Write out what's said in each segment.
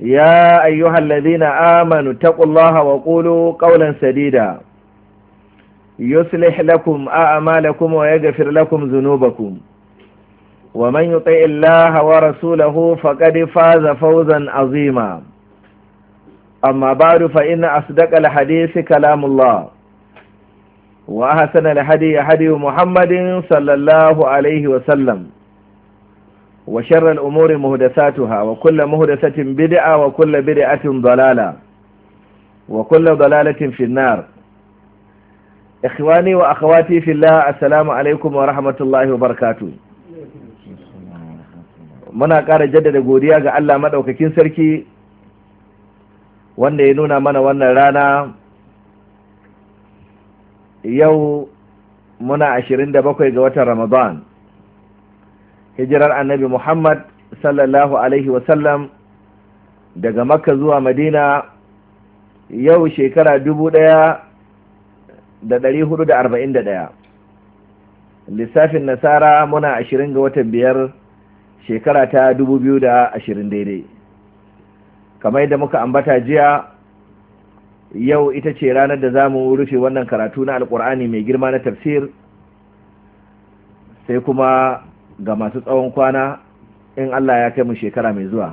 يا أيها الذين آمنوا اتقوا الله وقولوا قولا سديدا يصلح لكم أعمالكم ويغفر لكم ذنوبكم ومن يطع الله ورسوله فقد فاز فوزا عظيما أما بعد فإن أصدق الحديث كلام الله وأحسن الحديث حديث محمد صلى الله عليه وسلم wa sharra al'umuri muhdasatuha wa kulla muhdasatin bid'a wa kulla bid'atin dalala wa kulla dalalatin finnar ikhwani wa akhawati fillah assalamu alaikum wa rahmatullahi wa barakatuh muna kara jaddada godiya ga Allah maɗaukakin sarki wanda ya nuna mana wannan rana yau muna ashirin da bakwai ga watan ramadan hijirar annabi muhammad sallallahu alaihi wasallam daga makka zuwa madina yau shekara dubu ɗaya da ɗari hudu da arba'in da ɗaya lissafin nasara muna ashirin ga watan biyar shekara ta dubu biyu da ashirin daidai kamar yadda muka ambata jiya yau ita ce ranar da za mu rufe wannan karatu na alkur'ani mai girma na tafsir sai kuma ga masu tsawon kwana in Allah ya kai mu shekara mai zuwa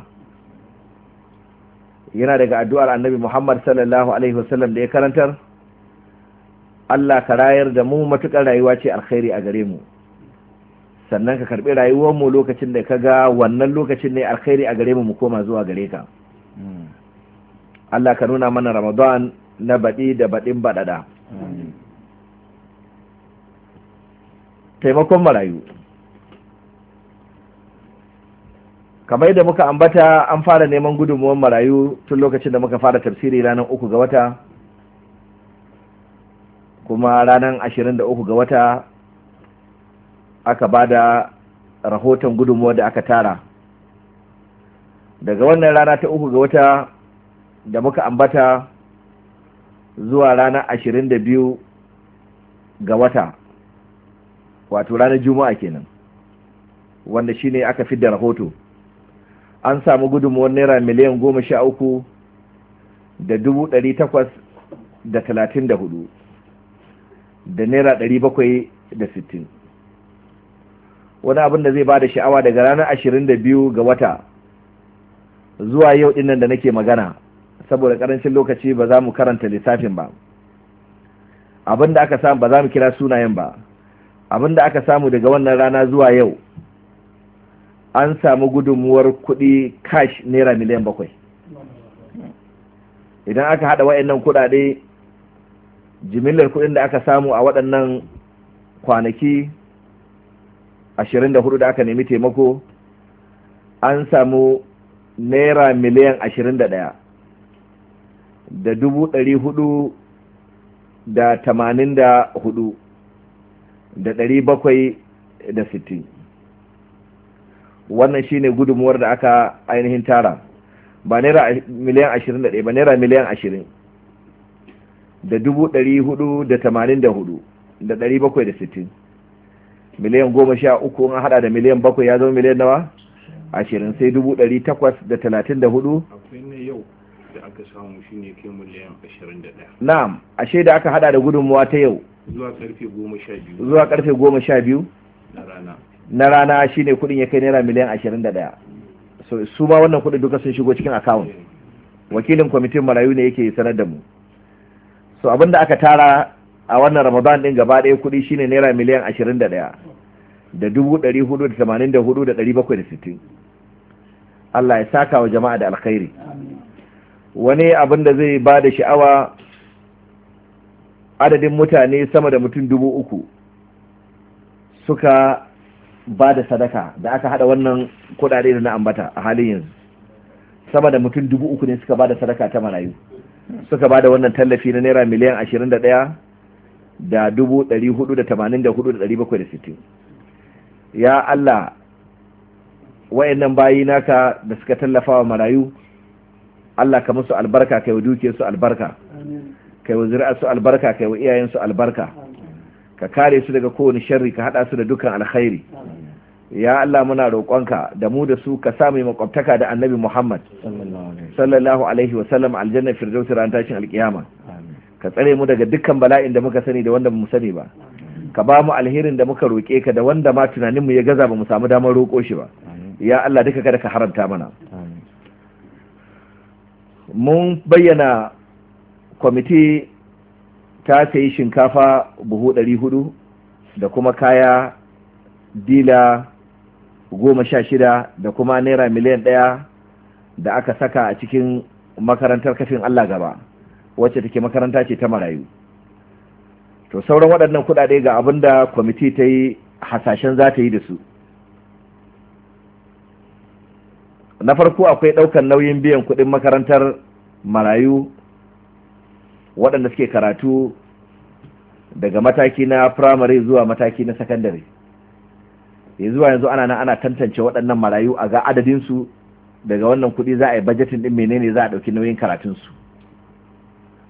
yana daga addu'ar annabi Muhammad sallallahu alaihi wasallam da ya karantar Allah ka rayar da mu matukar rayuwa ce alkhairi a gare mu sannan ka karɓi rayuwar mu lokacin da ka ga wannan lokacin ne alkhairi a gare mu mu koma zuwa gare ka hmm. Allah ka nuna mana Ramadan na baɗi da baɗin baɗaɗa taimakon marayu kamar da muka ambata an fara neman gudunmuwan marayu tun lokacin da muka fara tafsiri ranar uku ga wata kuma ranar ashirin da uku ga wata aka ba da rahoton gudunmuwa da aka tara daga wannan rana ta uku ga wata da muka ambata zuwa ranar ashirin da biyu ga wata wato ranar juma'a kenan wanda shine aka fidda rahoto an samu gudunmuwar naira miliyan goma sha uku da dubu ɗari takwas da talatin da hudu da naira ɗari bakwai da sittin wani abin da zai ba da sha'awa daga ranar ashirin da biyu ga wata zuwa yau dinnan da nake magana saboda karancin lokaci ba za mu karanta lissafin ba abin da aka samu ba za mu kira sunayen ba abin da aka samu daga wannan rana zuwa yau an samu gudunmuwar kuɗi cash naira miliyan bakwai idan aka haɗa waɗannan kuɗaɗe jimillar kuɗin da aka samu a waɗannan kwanaki ashirin da aka nemi taimako an samu naira miliyan ashirin da ɗaya da dubu ɗari hudu da tamanin da hudu da ɗari bakwai da sittin wannan shi ne gudunmuwar da aka ainihin tara ba naira miliyan ashirin da ɗaya ba naira miliyan ashirin da dubu ɗari hudu da tamanin da hudu da ɗari bakwai da sittin miliyan goma sha uku in haɗa da miliyan bakwai ya zama miliyan nawa ashirin sai dubu ɗari takwas da talatin da hudu da aka samu shi miliyan ashirin da ɗaya na'am a shaida aka haɗa da gudunmuwa ta yau zuwa karfe goma sha biyu na rana shi ne kudin ya kai naira miliyan ashirin da ɗaya so su ba wannan kudin duka sun shigo cikin akawun. wakilin kwamitin marayu ne yake sanar da mu so da aka tara a wannan ramadan din gaba ɗaya kudi ne naira miliyan ashirin da ɗaya da dubu ɗari hudu da tamanin da hudu da ɗari bakwai da sittin Allah ya saka wa jama'a da alkhairi wani abin da zai ba da sha'awa adadin mutane sama da mutum dubu uku suka ba da sadaka da aka hada wannan kudade da na ambata a halin yanzu sama da mutum dubu uku ne suka ba da sadaka ta marayu suka ba da wannan tallafi na naira miliyan ashirin da ɗaya da dubu ɗari hudu da tamanin da hudu da ɗari bakwai da sittin ya allah wa'annan bayi naka da suka tallafa wa marayu allah ka musu albarka kai wa dukiyarsu albarka kai wa zuri'arsu albarka kai wa iyayensu albarka ka kare su daga kowane sharri ka hada su da dukkan alkhairi ya Allah muna roƙonka da mu da su ka sa mai makwabtaka da annabi Muhammad sallallahu alaihi wa sallam aljanna firdaus ran tashin alkiyama ka tsare mu daga dukkan bala'in da muka sani da wanda mu sani ba ka ba mu alherin da muka roƙe ka da wanda ma tunanin mu ya gaza ba mu samu damar roƙo shi ba ya Allah duka kada ka haramta mana mun bayyana kwamiti ta sayi shinkafa buhu ɗari hudu da kuma kaya dila goma sha shida da kuma naira miliyan ɗaya da aka saka a cikin makarantar kafin Allah gaba wacce take makaranta ce ta marayu to sauran waɗannan kuɗaɗe ga abin da kwamiti ta yi hasashen za ta yi da su na farko akwai ɗaukar nauyin biyan kuɗin makarantar marayu waɗanda suke karatu daga mataki na firamare zuwa mataki na sakandare zuwa yanzu ana nan ana tantance waɗannan marayu a ga adadinsu daga wannan kuɗi za a yi bajetin ɗin menene za a ɗauki nauyin karatunsu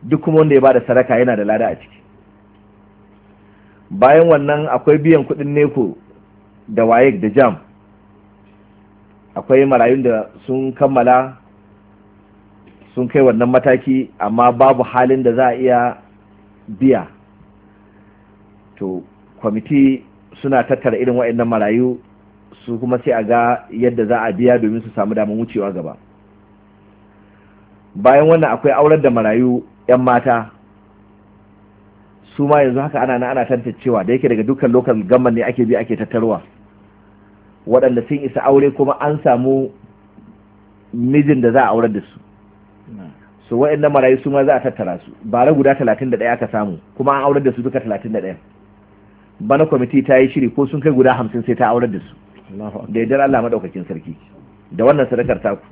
duk kuma wanda ya ba da sadaka yana da lada a ciki bayan wannan akwai biyan kuɗin neko da wayek da jam akwai marayun da sun kammala sun kai wannan mataki amma babu halin da za a iya biya to kwamiti suna tattara irin waɗannan marayu su kuma sai a ga yadda za a biya domin su samu damar wucewa gaba bayan wannan akwai aurar da marayu 'yan mata su ma yanzu haka ana na ana tantancewa da yake daga dukkan lokal gamman ne ake bi ake tattarwa waɗanda sun isa aure kuma an samu mijin da za a aurar da su wa'in na marayu su ma za a tattara su bara guda talatin da ɗaya aka samu kuma an aurar da su duka talatin da ɗaya. bana kwamiti ta yi shiri ko sun kai guda hamsin sai ta aurar da su da yardar Allah maɗaukakin sarki da wannan sadakar taku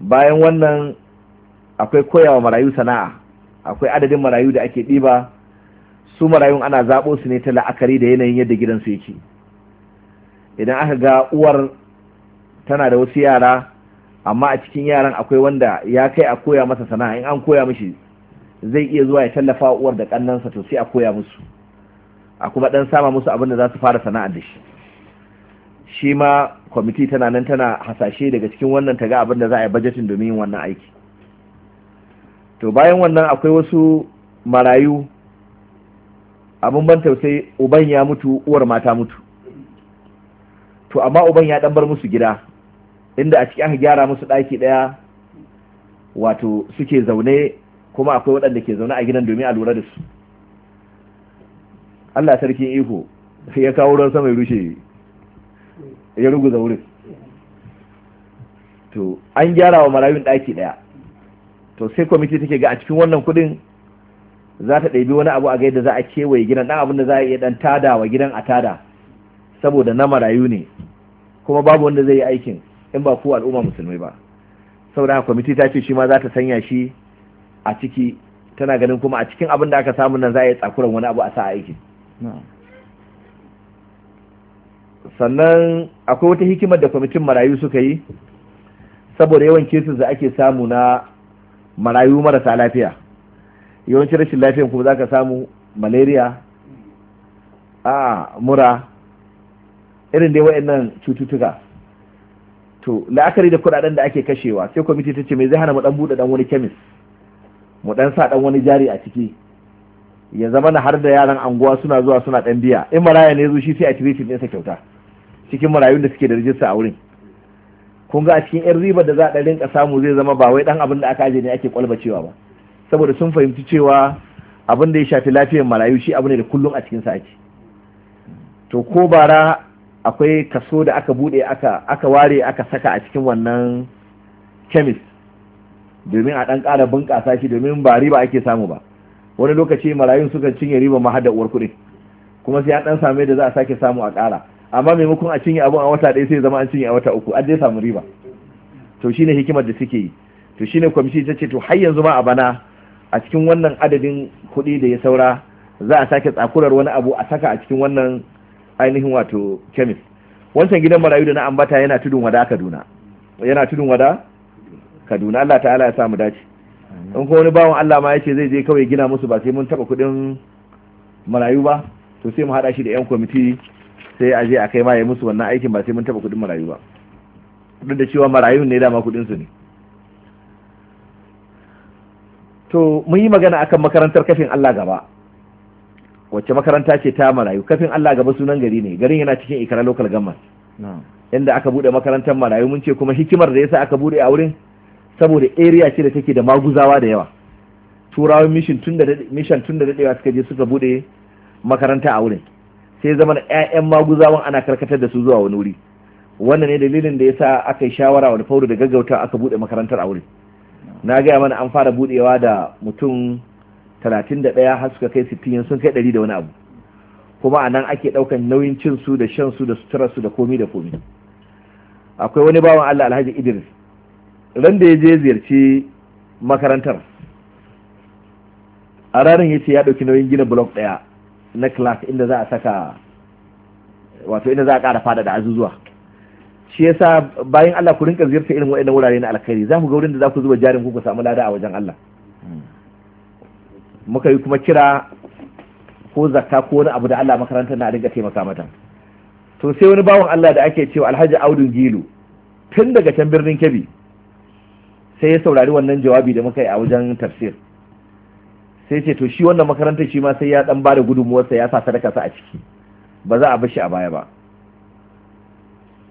bayan wannan akwai koyawa marayu sana'a akwai adadin marayu da ake ɗiba su marayun ana zaɓo su ne ta la'akari da yanayin yadda gidansu yake idan aka ga uwar tana da wasu yara amma a cikin yaran akwai wanda ya kai a koya masa sana'a in an koya mishi zai iya zuwa ya tallafa uwar da kannansa to sai a koya musu a kuma dan sama musu abin da za su fara sana'a da shi shi ma kwamiti tana nan tana hasashe daga cikin wannan ta ga abin da za a yi bajetin domin wannan aiki to bayan wannan akwai wasu marayu abin ban tausayi uban ya mutu uwar mata mutu to amma uban ya dan bar musu gida inda a ciki aka gyara musu ɗaki ɗaya wato suke zaune kuma akwai waɗanda ke zaune a gidan domin a lura da su Allah sarkin iko ya kawo ruwan sama ya rushe ya ruguza wurin to an gyara wa marayun ɗaki ɗaya to sai kwamiti take ga a cikin wannan kudin za ta ɗabi wani abu a ga yadda za a kewaye gidan ɗan abin da za a iya ɗan tada wa gidan a tada saboda na marayu ne kuma babu wanda zai yi aikin in ba ku al'umma musulmai ba saboda kwamiti ta ce shi ma za ta sanya shi a ciki tana ganin kuma a cikin abin da aka samu nan za a yi tsakuran wani abu a sa aiki sannan akwai wata hikimar da kwamitin marayu suka yi saboda yawan kesis da ake samu na marayu marasa lafiya yawanci rashin lafiyan kuma za ka samu malaria a mura irin dai nan cututtuka to la'akari da kudaden da ake kashewa sai kwamiti ta ce mai zai hana mu dan buɗe dan wani kemis mu dan sa dan wani jari a ciki ya zama na har da yaran anguwa suna zuwa suna dan biya in maraya ne zo shi sai a tibiti ɗinsa kyauta cikin marayun da suke da rijista a wurin kun ga a cikin yan riba da za a rinka samu zai zama ba wai dan abin da aka aje ne ake kwalbacewa ba saboda sun fahimci cewa abin da ya shafi lafiyar marayu shi abu ne da kullum a cikin sa ake to ko bara akwai kaso da aka bude aka ware aka saka a cikin wannan chemist domin a dan kara bunƙasa shi domin ba riba ake samu ba wani lokaci marayun sukan cinye riba ma hada uwar kuɗi kuma sai an dan same da za a sake samu a kara amma maimakon a cinye abun a wata ɗaya sai zama an cinye a wata uku an dai samu riba to shine hikimar da suke yi to shine kwamishin ta ce to har yanzu ma a bana a cikin wannan adadin kuɗi da ya saura za a sake tsakurar wani abu a saka a cikin wannan ainihin wato kemis wancan gidan marayu da na ambata yana tudun wada kaduna yana tudun wada kaduna allah ta'ala ya samu dace in ko wani bawan allah ma ya ce zai je kawai gina musu ba sai mun taɓa kuɗin marayu ba to sai mu hada shi da 'yan kwamiti sai a je a kai ma ya musu wannan aikin ba sai mun taɓa kuɗin marayu ba duk da cewa marayun ne dama su ne to mun yi magana akan makarantar kafin allah gaba wacce makaranta ce ta marayu kafin Allah gaba sunan gari ne garin yana cikin ikara lokal government inda aka bude makarantar marayu mun ce kuma hikimar da yasa aka bude a wurin saboda area ce da take da maguzawa da yawa turawan mission tun da mission tun da dadewa suka je suka bude makaranta a wurin sai zaman ƴaƴan maguzawan ana karkatar da su zuwa wani wuri wannan ne dalilin da yasa aka yi shawara wani fauru da gaggauta aka bude makarantar a wurin na gaya mana an fara budewa da mutum talatin da ɗaya har suka kai sittin sun kai ɗari da wani abu kuma a nan ake ɗaukan nauyin cin su da shan su da suturar su da komi da komi akwai wani bawan Allah Alhaji Idris ran da ya je ziyarci makarantar a ranar ya ce ya ɗauki nauyin gina blok ɗaya na class inda za a saka wato inda za a ƙara fada da azuzuwa shi yasa bayan Allah ku rinka ziyarta irin waɗannan wurare na alkhairi za ku ga wurin da za ku zuba jarin ku ku samu lada a wajen Allah muka yi kuma kira ko zakka ko wani abu da Allah makaranta na dinga taimaka mata to sai wani bawan Allah da ake cewa Alhaji Audu Gilu tun daga can birnin Kebbi sai ya saurari wannan jawabi da muka yi a wajen tafsir sai ce to shi wannan makarantar shi ma sai ya dan bada gudunmuwarsa ya sa sadaka sa a ciki ba za a bar shi a baya ba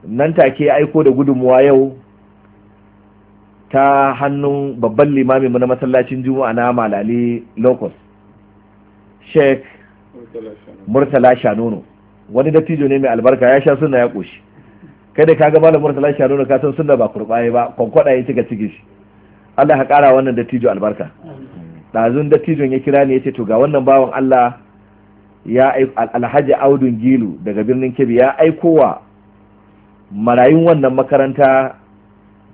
nan take ya aiko da gudunmuwa yau ta hannun babban limamin mu na masallacin juma'a na malali locus sheikh murtala shanono wani dattijo ne mai albarka ya sha suna ya koshi kai da kaga malam murtala shanono ka san sunna ba kurbaye ba kwankwada ya cika ciki shi Allah ya kara wannan dattijo albarka ɗazun dattijon ya kira ni ya ce to ga wannan bawan Allah ya alhaji audun gilu daga birnin kebbi ya aikowa marayun wannan makaranta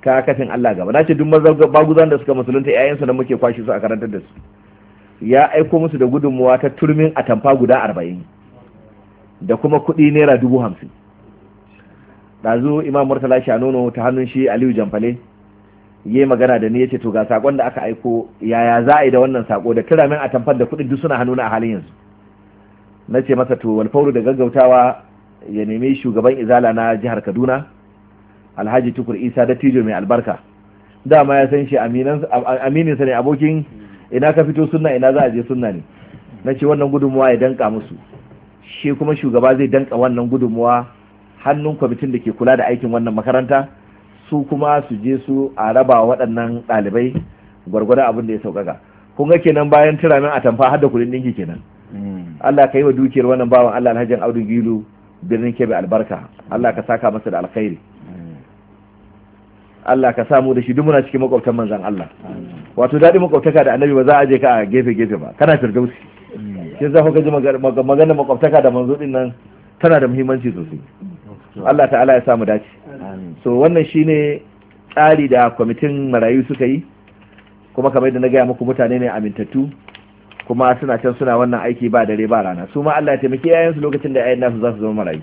ka kafin Allah gaba na ce duk guzan da suka musulunta yayansu da muke kwashi su a karantar da su ya aiko musu da gudunmuwa ta turmin atamfa guda arba'in da kuma kuɗi naira dubu hamsin ɗazu imam murtala shanono ta hannun shi aliyu jamfale ya magana da ni ya ce to ga sakon da aka aiko yaya za a yi da wannan sako da turamin atamfan da kuɗin duk suna hannu a halin yanzu na ce masa to walfauru da gaggautawa ya nemi shugaban izala na jihar kaduna alhaji tukur isa da tijo mai albarka dama ya san shi amininsa ne abokin ina ka fito sunna ina za a je sunna ne na ce wannan gudunmuwa ya danka musu shi kuma shugaba zai danka wannan gudunmuwa hannun kwamitin da ke kula da aikin wannan makaranta su kuma su je su a raba waɗannan ɗalibai gwargwadon abin da ya sauƙaƙa kun ga kenan bayan turamin a tamfa har da kuɗin ɗinki kenan hmm. Allah ka yi wa dukiyar wannan bawan Allah alhajin Audu Gilu birnin Kebe albarka Allah ka saka masa da alkhairi Allah ka samu da shi duk muna cikin makwabtan manzan Allah wato daɗi makwabtaka da annabi ba za a je ka a gefe gefe ba kana firdausi Shin za ku gaji maganar makwabtaka da manzo din nan tana da muhimmanci sosai Allah ta'ala ya samu dace so wannan shine tsari da kwamitin marayu suka yi kuma kamar yadda na gaya muku mutane ne amintattu kuma suna can suna wannan aiki ba dare ba rana su ma Allah ya taimaki yayansu lokacin da yayan nasu za su zama marayu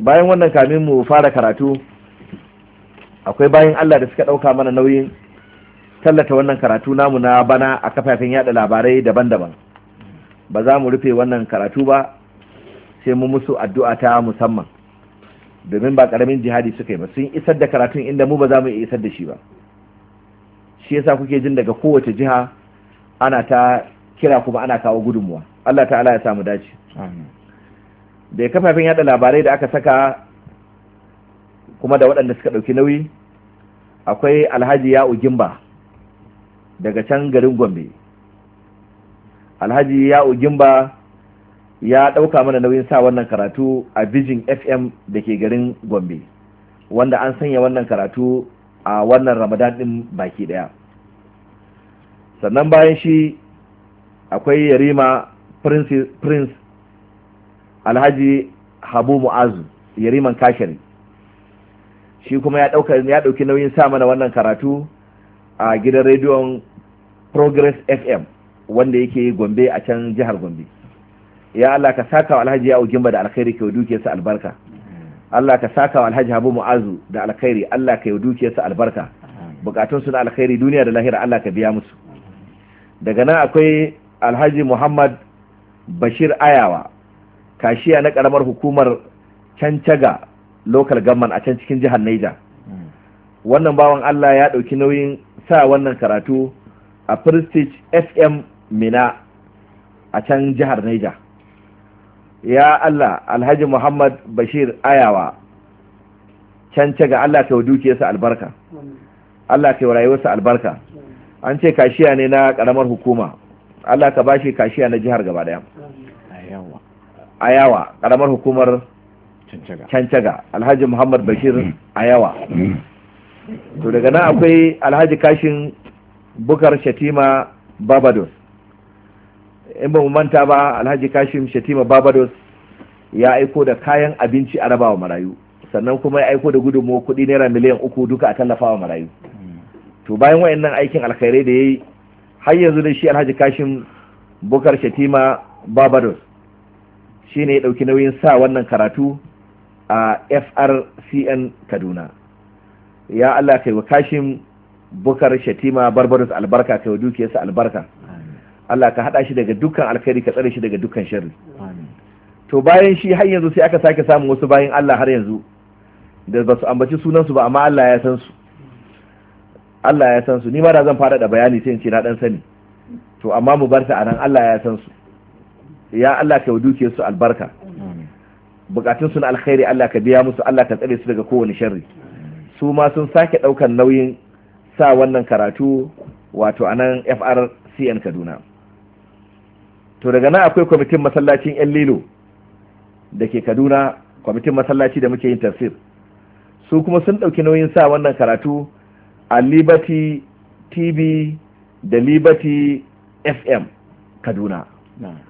bayan wannan kamin mu fara karatu akwai bayan Allah da suka ɗauka mana nauyin tallata wannan karatu namu na bana a kafafen yaɗa labarai daban-daban ba za mu rufe wannan karatu ba sai mu musu addu'a ta musamman domin ba karamin jihadi suka yi ba sun isar da karatun inda mu ba za mu isar da shi ba shi yasa kuke jin daga kowace jiha ana ta kira kuma ana kawo gudunmuwa Allah ta'ala ya samu dace da kafafen yada labarai da aka saka kuma da waɗanda suka ɗauki nauyi akwai alhaji ya ugimba daga can garin gombe alhaji ya ugimba ya ɗauka mana nauyin sa wannan karatu a vision fm da ke garin gombe wanda an sanya wannan karatu a wannan ramadan ɗin baki ɗaya sannan bayan shi akwai yarima prince alhaji habu mu'azu yariman kashari shi kuma ya ɗauka ya ɗauki nauyin sa mana wannan karatu a gidan rediyon Progress FM wanda yake Gombe a can jihar Gombe ya Allah ka saka wa Alhaji ya Ugimba da alkhairi ke dukiyarsa albarka Allah ka saka wa Alhaji Habu Mu'azu da alkhairi Allah ka yi albarka bukatun su na alkhairi duniya da lahira Allah ka biya musu daga nan akwai Alhaji Muhammad Bashir Ayawa kashiya na karamar hukumar Cancaga local government a can cikin jihar Niger wannan bawan Allah ya ɗauki nauyin sa wannan karatu a Prestige FM Mina a can jihar Niger ya Allah Alhaji Muhammad Bashir Ayawa can ce ga Allah ka sa albarka Allah ka sa albarka an ce kashiya ne na karamar hukuma Allah ka bashi kashiya na jihar gaba daya ayawa karamar hukumar cancaga alhaji muhammad bashir mm. a yawa mm. to daga nan akwai alhaji kashin bukar shatima barbados in ba mu manta ba alhaji kashin shatima barbados ya aiko da kayan abinci a rabawa marayu sannan kuma ya aiko da gudunmu kuɗi naira miliyan uku duka a tallafawa marayu mm. to bayan wayannan aikin alkhairai da ya yi har yanzu da shi alhaji kashin bukar shatima barbados shi ne ya ɗauki nauyin sa wannan karatu a frcn kaduna ya allah kai wa kashin bukar shatima barbarus albarka kai wa dukiyarsa albarka allah ka haɗa shi daga dukkan alkhairi ka tsare shi daga dukkan shirin to bayan shi har yanzu sai aka sake samun wasu bayan allah har yanzu da ba su ambaci sunansu ba amma allah ya san su allah ya san su ni ma da zan fara da bayani sai in ce na dan sani to amma mu bar ta a nan allah ya san su ya allah kai wa dukiyarsu albarka bukatun su na alkhairi Allah ka biya musu Allah ka tsare su daga kowane sharri su ma sun sake daukan nauyin sa wannan karatu wato a nan FRCN Kaduna to daga nan akwai kwamitin masallacin yan lilo da ke Kaduna kwamitin masallaci da muke yin tafsir su kuma sun ɗauki nauyin sa wannan karatu a Liberty TV da Liberty FM Kaduna. Nah.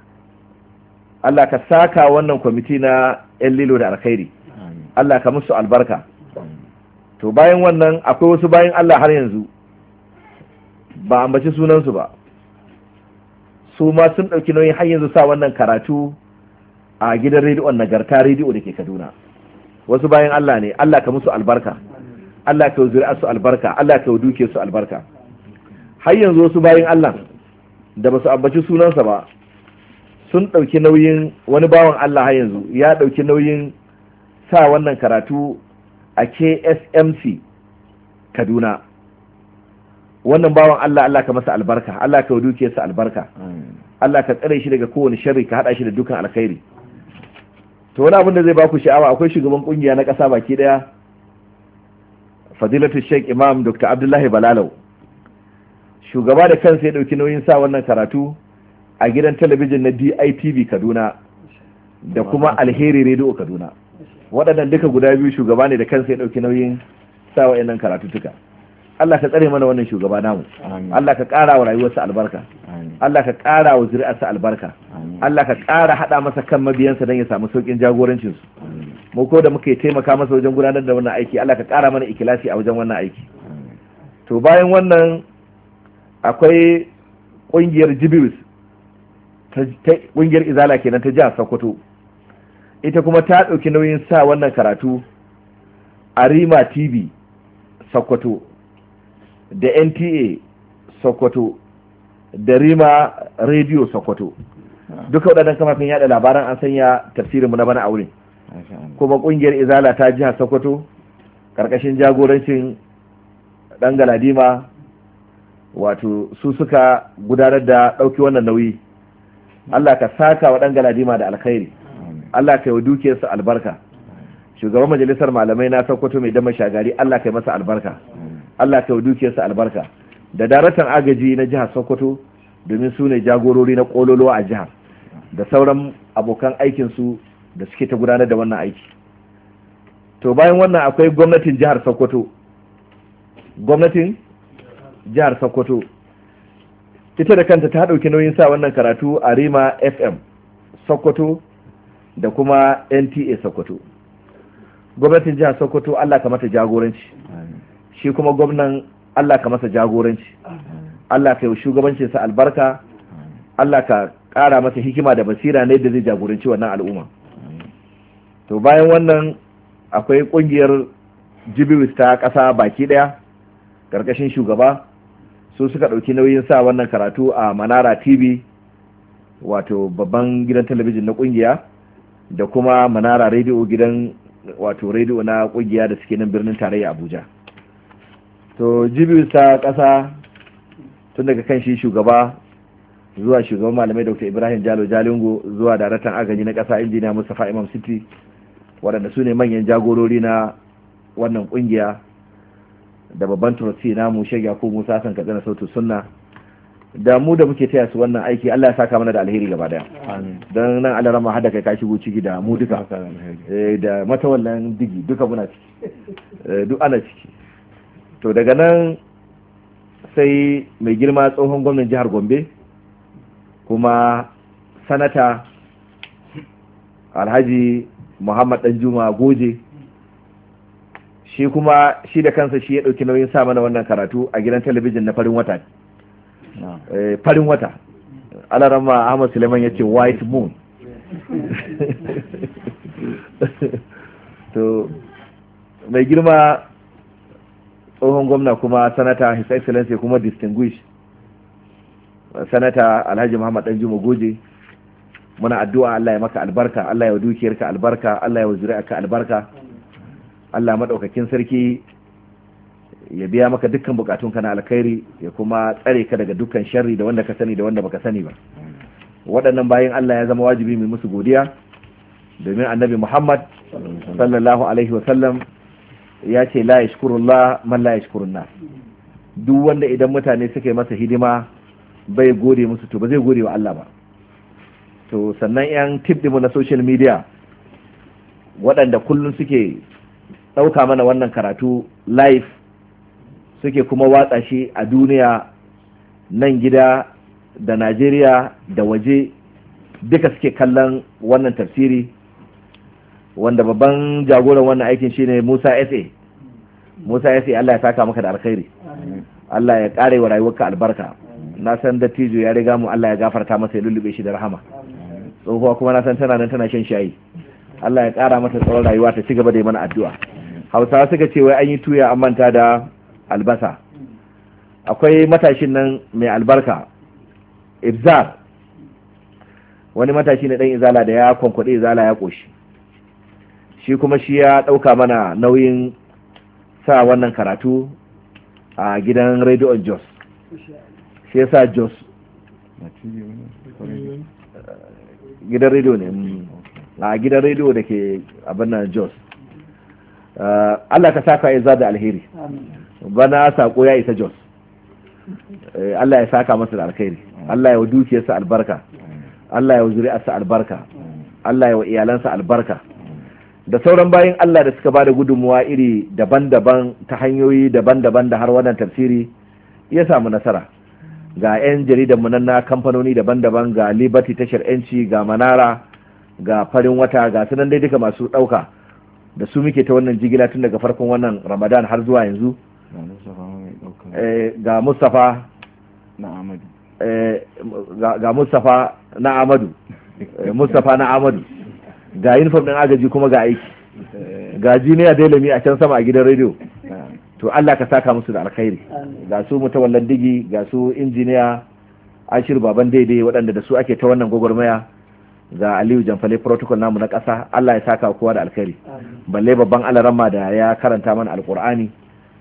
Allah ka saka wannan kwamiti na 'yan lilo da alkhairi Allah ka musu albarka to bayan wannan akwai wasu bayan Allah har yanzu ba ambaci sunansu ba su ma sun ɗauki nauyin har yanzu sa wannan karatu a gidan rediyon nagarta rediyo da ke kaduna wasu bayan Allah ne Allah ka musu albarka Allah ka zuri'a su albarka Allah ka duke su albarka har yanzu wasu bayan Allah da ba su ambaci sunansa ba sun ɗauki nauyin wani bawan Allah har yanzu ya ɗauki nauyin sa wannan karatu a KSMC Kaduna wannan bawan Allah Allah ka masa albarka Allah ka dukiyarsa albarka Allah ka tsare shi daga kowane sharri ka hada shi da dukan alkhairi to wani abin da zai baku sha'awa akwai shugaban kungiya na ƙasa baki daya fadilatu sheikh imam dr abdullahi balalau shugaba da kansa ya dauki nauyin sa wannan karatu a gidan talabijin na DITV Kaduna da kuma Alheri Radio Kaduna waɗannan duka guda biyu shugaba ne da kansa ya ɗauki nauyin sa wa'annan karatuttuka Allah ka tsare mana wannan shugaba namu Allah ka ƙara wa rayuwarsa albarka Allah ka ƙara wa zuri'arsa albarka Allah ka ƙara haɗa masa kan mabiyansa don ya samu sauƙin jagorancinsu mu ko da muke taimaka masa wajen gudanar da wannan aiki Allah ka ƙara mana ikilasi a wajen wannan aiki to bayan wannan akwai ƙungiyar jibiris ƙungiyar izala kenan ta jihar sokoto ita kuma ta ɗauki nauyin sa wannan karatu a rima tv sokoto da nta sokoto da rima radio sokoto duka waɗannan kamafin yada labaran an sanya tafsirinmu na bana a wurin kuma ƙungiyar izala ta jihar sokoto ƙarƙashin jagorancin ɗan galadima wato su suka gudanar da ɗauki wannan nauyi Allah ka saka wa ɗan galadima da alkhairi Allah ka yi wa dukiyarsa albarka shugaban majalisar malamai na Sokoto mai dama shagari Allah ka yi masa albarka Allah ka yi wa dukiyarsa albarka da daratan agaji na jihar Sokoto domin su ne jagorori na kololuwa a jihar da sauran abokan aikinsu su da suke ta gudanar da wannan aiki to bayan wannan akwai gwamnatin jihar Sokoto gwamnatin jihar Sokoto ita da kanta ta ɗauki nauyin sa wannan karatu a rima fm sokoto da kuma nta sokoto gwamnatin jihar sokoto allah ka mata jagoranci shi kuma gwamnan allah ka masa jagoranci allah ka yi sa albarka allah ka ƙara masa hikima da basira ne da zai jagoranci wannan al'umma to bayan wannan akwai ƙungiyar jibiris ta ƙasa baki ɗaya ƙarƙashin shugaba su suka ɗauki nauyin sa wannan karatu a manara tv wato babban gidan talabijin na ƙungiya da kuma manara radio gidan wato rediyo na ƙungiya da suke nan birnin tarayya abuja to jibiyu ta ƙasa tun daga kan shi shugaba zuwa shugaban malamai dr ibrahim jalo jalingo zuwa daraktan agaji na ƙasa injiniya mustapha imam city waɗanda su ne manyan jagorori na wannan ƙungiya da babban turasi mu shek ko musa ka katsina sautu sunna da mu da muke taya su wannan aiki Allah ya saka mana da alheri gaba daya don nan Allah rama hada kai ka shigo ciki da mu duka eh, da matawallan digi duka muna ciki eh, duk ana ciki to daga nan sai mai girma tsohon gwamnan jihar Gombe kuma sanata alhaji Muhammad Danjuma Goje shi kuma shi da kansa shi ya ɗauki nauyin sa mana wannan karatu a gidan talabijin na farin wata eh, farin wata alarama ahmad suleiman ya ce white moon to mai girma tsohon gwamna kuma sanata his excellency kuma distinguished sanata alhaji muhammad juma goje muna addu'a allah ya maka albarka allah ya wa dukiyarka albarka allah ya wa zuri'arka albarka Allah maɗaukakin sarki ya biya maka dukkan bukatunka na alkhairi ya kuma tsare ka daga dukkan sharri da wanda ka sani da wanda baka sani ba waɗannan bayan Allah ya zama wajibi mai musu godiya domin annabi Muhammad sallallahu alaihi wa sallam ya ce la yashkurullah man la yashkurun duk wanda idan mutane suka yi masa hidima bai gode musu to ba zai gode wa Allah ba to sannan yan tip mu na social media waɗanda kullum suke ɗauka mana wannan karatu live suke kuma watsa shi a duniya nan gida da najeriya da waje duka suke kallon wannan tafsiri wanda babban jagoran wannan aikin shine musa sa musa sa allah ya saka maka da alkhairi allah ya ƙare wa rayuwarka albarka na san dattijo ya riga mu allah ya gafarta masa ya lullube shi da rahama tsohuwa kuma na san tana nan tana shan shayi allah ya ƙara mata tsawon rayuwa ta ci gaba da yi mana addu'a hausawa suka ce wai an yi tuya an manta da albasa akwai matashin nan mai albarka ibzar wani matashi na dan izala da ya kwankwaɗe izala ya ƙoshi shi kuma shi ya ɗauka mana nauyin sa wannan karatu a gidan radio jos shi ya jos gidan radio ne mm. a gidan radio da ke abin nan jos Eh, Allah ka saka ya da alheri bana sako ya isa jos eh, Allah ya saka masa da alheri Allah ya dukiyarsa albarka Allah ya wa zuri'arsa albarka Allah ya iyalansa albarka da sauran bayan Allah da suka bada gudunmuwa iri daban-daban ta hanyoyi daban-daban da har wannan tafsiri ya samu nasara ga 'yan jaridan mu kamfanoni daban-daban ga liberty tashar 'yanci ga manara ga farin wata ga sunan dai duka masu ɗauka da su muke ta wannan jigila tun daga farkon wannan ramadan har zuwa yanzu ga mustapha eh, ga mustapha na amadu eh, eh, mustapha na amadu ga uniform din agaji kuma ga aiki ga jiniya delami a can sama a gidan rediyo to allah ka saka musu da alkhairi ga su mutawallan digi ga su injiniya ashir baban daidai waɗanda da su ake ta wannan gwagwarmaya ga aliyu jamfale protocol namu na ƙasa allah ya saka kowa da alkhairi balle babban alaramma da ya karanta mana alkur'ani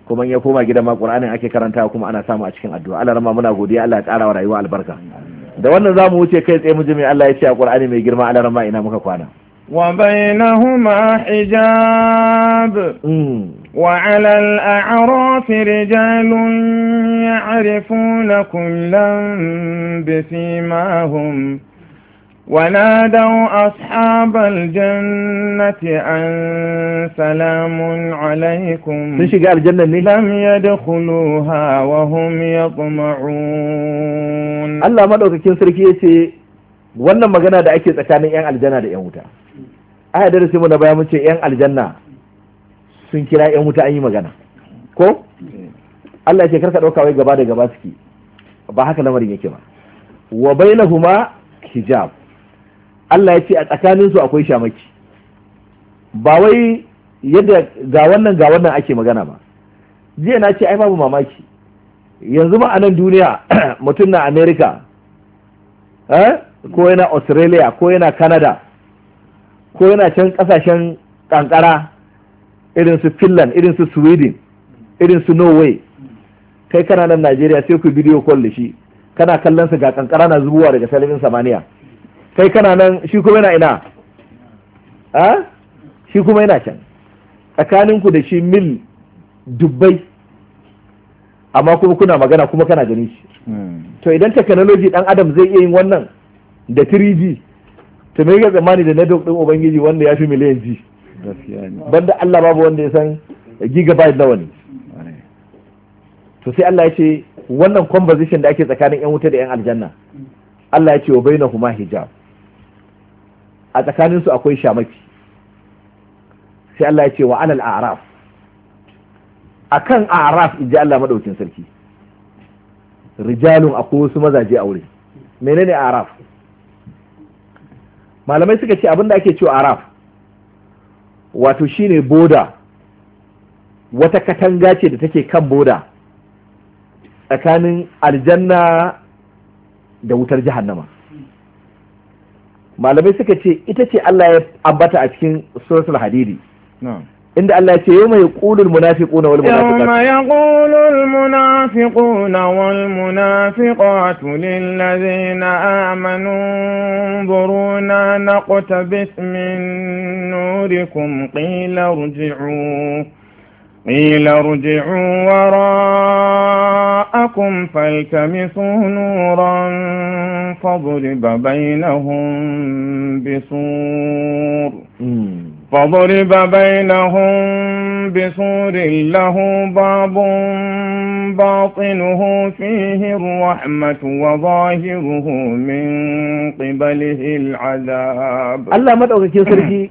kuma ya koma gidan ma qur'anin ake karanta kuma ana samu a cikin addu'a alaramma muna godiya allah ya ƙara wa rayuwa albarka da wannan za mu wuce kai tsaye mu ji mai allah ya ce a qur'ani mai girma alaramma ina muka kwana وبينهما حجاب وعلى الأعراف رجال يعرفون كلا بسيماهم ونادوا أصحاب الجنة أن سلام عليكم لم يدخلوها وهم يطمعون الله مدعوك كين سركي يتي wannan magana da ake tsakanin 'yan aljanna da 'yan wuta aya da rasu da baya mun ce 'yan aljanna sun kira 'yan wuta an yi magana ko Allah ya ce karka ɗauka wai gaba da gaba ba haka lamarin yake ba wa bainahuma hijab Allah ya ce a tsakanin su akwai shamaki ba wai yadda ga wannan ga wannan ake magana ba jiya na ce ai babu mamaki yanzu ma a nan duniya mutum na america eh? ko yana australia ko yana canada ko yana can kasashen kankara irin su finland irin su sweden irin su norway kai kana nan najeriya sai ku bidiyo call da shi kana kallon su ga kankara na zubuwa daga salimin samaniya kai kana nan shi kuma yana ina a shi kuma yana can tsakaninku da shi mil dubbai amma kuma kuna magana kuma kana ganin shi hmm. to idan technology dan adam zai iya yin wannan da 3G to me ga zamani da network din ubangiji wanda ya fi miliyan ji banda Allah babu wanda ya san gigabyte nawa ne to sai Allah ya ce wannan conversation da ake tsakanin yan wuta da yan aljanna Allah ya ce wa bainahuma hijab a tsakaninsu akwai shamaki sai Allah ya ce wa alal araf akan araf in Allah madaukin sarki rijalun akwai wasu mazaje a wuri. menene araf malamai suka ce abinda ake cewa araf wato shine boda wata katanga ce da take kan boda tsakanin aljanna da wutar jahannama malamai suka ce ita ce Allah ya ambata a cikin suratul hadidi inda Allah ya ce yau mai ƙulul munafiquna wal munafiqatu lil ladzina amanu buruna naqtabis min nurikum qila rujicu ƙila rujicu wara. ربكم فالتمسوا نورا فضرب بينهم بسور فضرب بينهم بسور له باب باطنه فيه الرحمة وظاهره من قبله العذاب الله ما تقول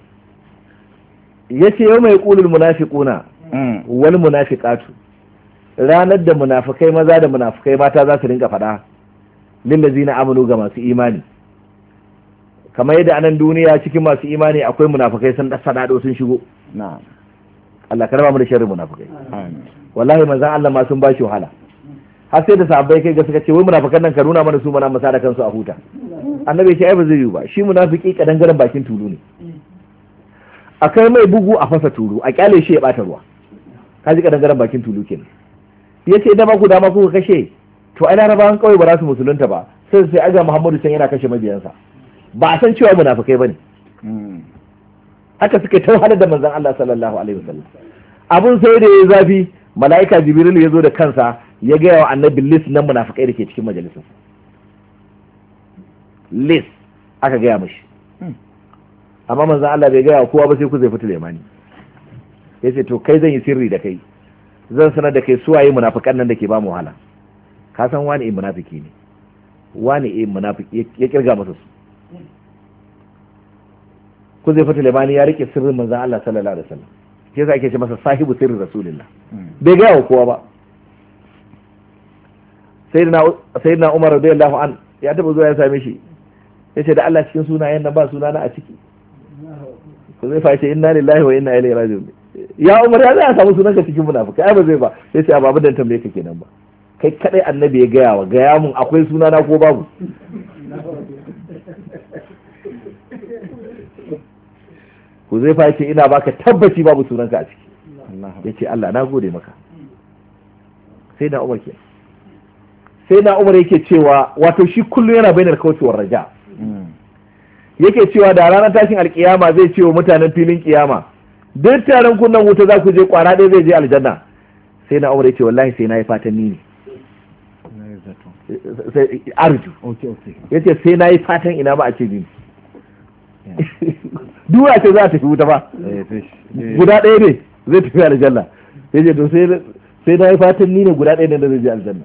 يسي يوم يقول المنافقون والمنافقات ranar da munafukai maza da munafukai mata za su rinka faɗa na amanu ga masu imani kamar yadda anan duniya cikin masu imani akwai munafukai sun da sadado sun shigo Allah karba mu da sharri munafikai wallahi manzon Allah ma sun bashi wahala har sai da sahabbai kai ga suka ce wai munafukan nan ka nuna mana su mana masa da kansu a huta annabi ya ce ai ba zai yi ba shi munafiki kadan garan bakin tulu ne akai mai bugu a fasa tulu a kyale shi ya bata ruwa kaji kadan garan bakin tulu kenan ya ce idan ba ku dama kuka kashe to ai an kawai ba za su musulunta ba sai sai aga muhammadu san yana kashe mabiyansa ba a san cewa munafikai bane hmm. haka suka tauhada da manzon Allah sallallahu alaihi wasallam abun sai da ya zafi mala'ika jibril ya zo da kansa ya gaya wa annabi list na munafikai da ke cikin majalisin list aka gaya mashi hmm. amma manzon Allah bai gaya kowa ba sai ku zai fita lemani yace to kai zan yi sirri da kai zan sanar da kai suwaye munafikan nan da ke ba mu wahala ka san wani in eh munafiki ne wani in eh munafiki ya kirga masa su ku zai fata limani ya rike sirrin manzan Allah sallallahu alaihi wasallam ke yasa ake ce masa sahibu sirrin rasulillah hmm. bai ga kowa ba sayyidina Umar radiyallahu an ya taba zuwa ya same shi yace da Allah cikin sunayen nan ba sunana a ciki ku zai fa ce inna lillahi wa inna ilaihi raji'un ya umar ya zai a samu sunanka cikin munafukai ai ba zai ba sai sai babu dan tambaye ka kenan ba kai kadai annabi ya gaya wa gaya mun akwai sunana ko babu ku zai fa yace ina baka tabbaci babu sunanka a ciki yace Allah na gode maka sai na umar ke sai na umar yake cewa wato shi kullum yana bainar kaucewar raja hmm. yake cewa da ranar tashin alkiyama zai ce wa mutanen filin kiyama duk taron kunnan wuta za ku je kwara ɗaya zai je aljanna sai na umar ce wallahi sai na yi fatan ni ne arju ya ce sai na yi fatan ina ba a ce ni duwa ce za a tafi wuta ba eh, eh. guda ɗaya ne zai tafi aljanna ya ce to sai na yi fatan ni ne guda ɗaya ne da zai je aljanna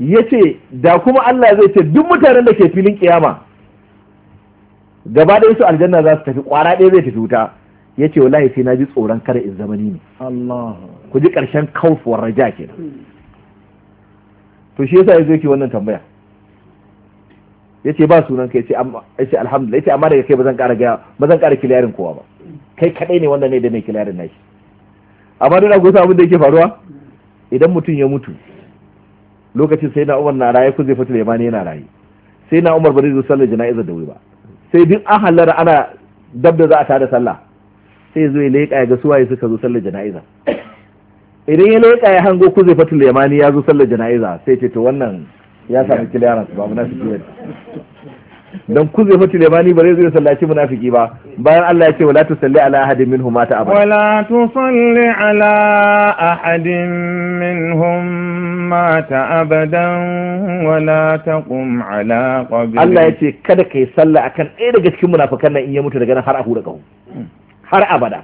ya ce da kuma Allah zai ce duk mutanen da ke filin kiyama gaba ɗaya su aljanna za su tafi kwara ɗaya zai tafi wuta ya ce wallahi sai na ji tsoron kada in zama ni ne ku ji ƙarshen kaufuwar raja da to shi yasa yazo yake wannan tambaya yace ba sunan ka ya ce yace ya yace amma daga kai ba zan ƙara kiliyarin kowa ba kai kadai ne wanda ne da mai kiliyarin nashi amma duk akwai abin da yake faruwa idan mutum ya mutu lokacin sai na umar na raye ku zai fito limani yana raye sai na umar ba zai zo sallar jana'iza da wuri ba sai duk an hallara ana dab da za a tada sallah sai zo ya leƙa ya ga suwaye suka zo sallar jana'iza idan ya leƙa ya hango zai fatul yamani ya zo sallar jana'iza sai ce to wannan ya sami clearance ba munafiki ba dan zai fatul yamani ba zai zo ya sallaci munafiki ba bayan Allah ya ce wala tusalli ala ahadin minhum mata abada wala tusalli ala ahadin minhum mata abadan wala taqum ala qabri Allah ya ce kada kai sallah akan ɗaya daga cikin munafikan nan in ya mutu daga nan har a hura kahu har abada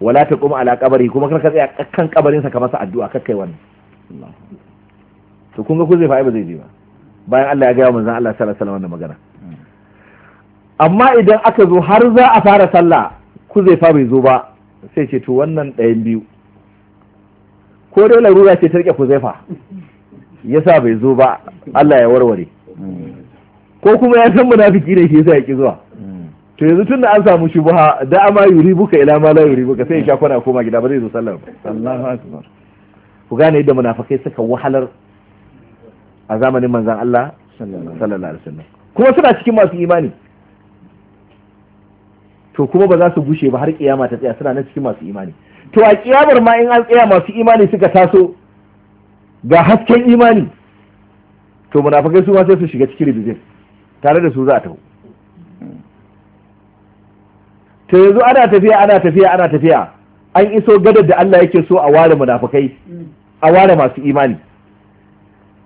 wala ta kuma ala kabari kuma kar ka tsaya kan kabarinsa ka masa addu'a kar kai wannan to kun ga ku zai fa'i ba zai je ba bayan Allah ya gaya zan Allah sallallahu alaihi wasallam wannan magana amma idan aka zo har za a fara sallah ku zai fa bai zo ba sai ce to wannan ɗayan biyu ko dai larura ce ta rike ku zai fa yasa bai zo ba Allah ya warware ko kuma ya san munafiki ne shi yasa ya ki zuwa to yanzu da an samu buha da ama yuri buka ila ma la yuri buka sai ya sha kwana koma gida ba zai zo sallar ba Allahu akbar ku gane yadda munafikai suka wahalar a zamanin manzon Allah sallallahu alaihi wasallam kuma suna cikin masu imani to kuma ba za su gushe ba har kiyama ta tsaya suna nan cikin masu imani to a kiyamar ma in an tsaya masu imani suka taso ga hasken imani to munafikai su ma sai su shiga cikin rubuzin tare da su za a tau. sai yanzu ana tafiya ana tafiya ana tafiya an iso gadar da Allah yake so a ware munafukai a ware masu imani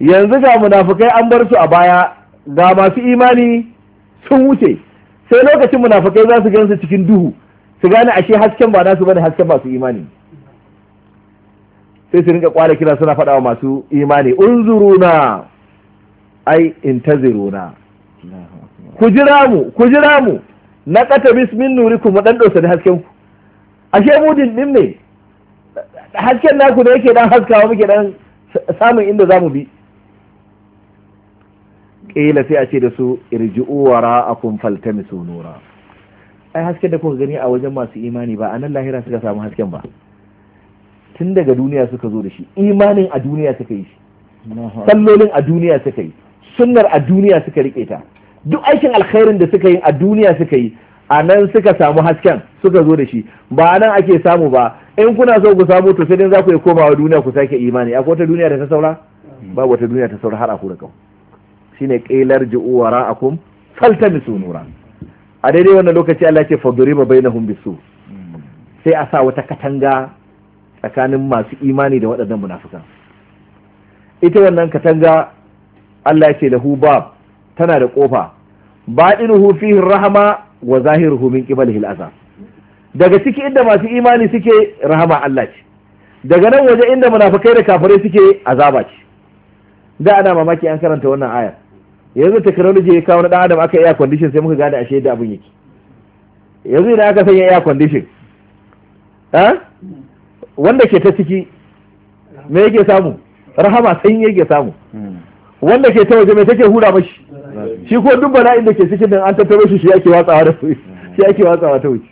yanzu ga munafukai an bar su a baya ga masu imani sun wuce sai lokacin munafukai za su gansu cikin duhu su gane ashe hasken ba nasu bane hasken masu imani sai su rinka kwala kira suna faɗa wa masu imani unzuruna ai intaziruna ku jira mu ku jira mu na kata bismin nuri mu dan dosa da hasken ku ashe mudin din ne hasken naku da yake dan haskawa muke dan samun inda zamu bi kila sai a ce da su irji'u wara'akum faltamisu nura ai hasken da kuka gani a wajen masu imani ba a nan lahira suka samu hasken ba tun daga duniya suka zo da shi imanin a duniya suka yi shi sallolin a duniya suka yi sunnar a duniya suka rike ta duk aikin alkhairin da suka yi a duniya suka yi a nan suka samu hasken suka zo da shi ba nan ake samu ba in kuna so ku samu to sai dai za ku iya komawa duniya ku sake imani akwai wata duniya da ta saura ba wata duniya ta saura har a kura kau shine qilar ju'u wara'akum faltamisu nura a daidai wannan lokaci Allah ya ce fadriba bainahum bisu sai a sa wata katanga tsakanin masu imani da waɗannan munafikan ita wannan katanga Allah ya ce lahu bab tana da kofa baɗinuhu fihi rahama wa zahiruhu min qibalihi al'azab daga ciki inda masu imani suke rahama Allah ce daga nan waje inda munafikai da kafirai suke azaba ce da ana mamaki an karanta wannan ayar yanzu technology ya kawo na dan adam aka air condition sai muka gane ashe yadda abin yake yanzu idan aka sanya air condition wanda ke ta ciki me yake samu rahama sanyi yake samu hmm. wanda ke ta waje me take hura mashi shi ko duk bala'in da ke cikin nan an tattaro shi shi yake watsawa da su shi yake watsawa ta wuce